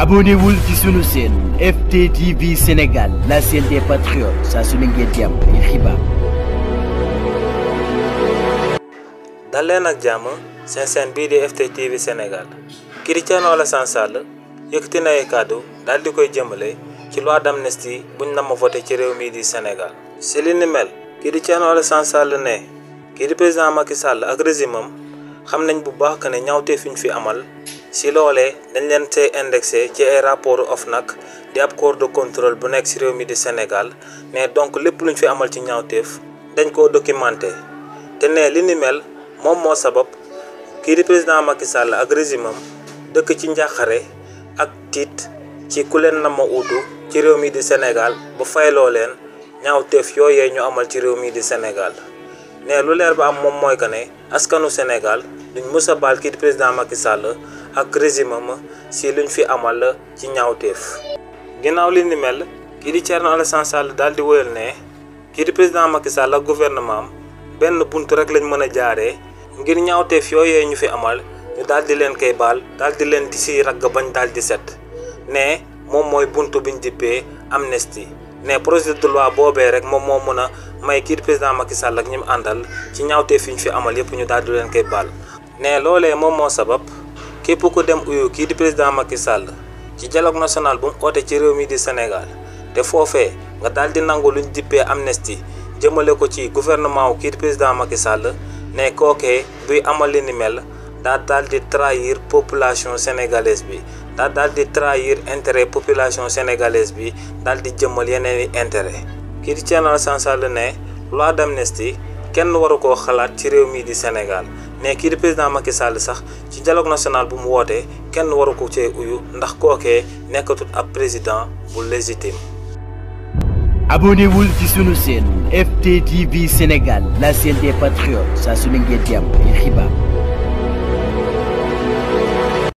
abonnez-vous qui sont sunu chaîne FTTV Sénégal la chaîne des patriotes saa su ne ngeen jàmm ay xibaar. dal leen ak jàmm seen seen bii di FTTV Sénégal Cristiano Alassane Sall yëkkati na ay kàddu daal di koy jëmale ci loi d'amnistie buñ na ma voté ci réew mii di Sénégal. Céline li ni mel Cristiano Alassane Sall ne kii le président Macky Sall ak régime xam nañ bu baax que ne ñaawte fi fi amal. si loolee dañ leen see indexé ci ay rapport OFNAC di ab corps de contrôle bu nekk si réew mi di Sénégal ne donc lépp luñ fi amal ci ñaawteef dañ koo documenté te ne li ni mel moom moo sabab kii di président Macky Sall ak régime dëkk ci njàqare ak tiit ci ku leen na ma ci réew mii di Sénégal ba fayloo leen ñaawteef yooyee ñu amal ci réew mii di Sénégal ne lu leer ba am moom mooy que ne askanu Sénégal duñ mës a baal président Macky Sall ak régime am si luñ fi amal ci ñaawteef. ginnaaw li ni mel kii di Thierno Alassane Sall daal di wóyal ne kii président Macky Sall ak gouvernement am benn bunt rek lañ mën a jaaree ngir ñaawteef yooyee ñu fi amal ñu daal di leen koy baal daal leen di si ragg bañ daal di set ne moom mooy bunt biñ dippee amnistie. ne projet de loi boobee rek moom moo mën a may kii président Macky Sall ak ñi mu àndal ci ñaawtee fi ñu fi amal yëpp ñu daal di leen koy baal. ne loolee moom moo sabab képp ku dem uyu kii di président Macky Sall ci dialogue national bu mu ci réew mi di Sénégal te foofee nga daal di nangu luñ dippee amnistie jëmale ko ci gouvernement wu kii président Macky Sall ne kookee buy amal li ni mel daa daal di trahir population sénégalaise bi. La dal di trahir la population sénégalaise bi dal di jëmmal yeneen intérêt loi d'amnistie kenn waru di Sénégal ne président Macky Sall sax ci dialogue national bu mu kenn waru ko cee uyu ndax kookee président abonnez-vous ci sunu Sénégal la des patriotes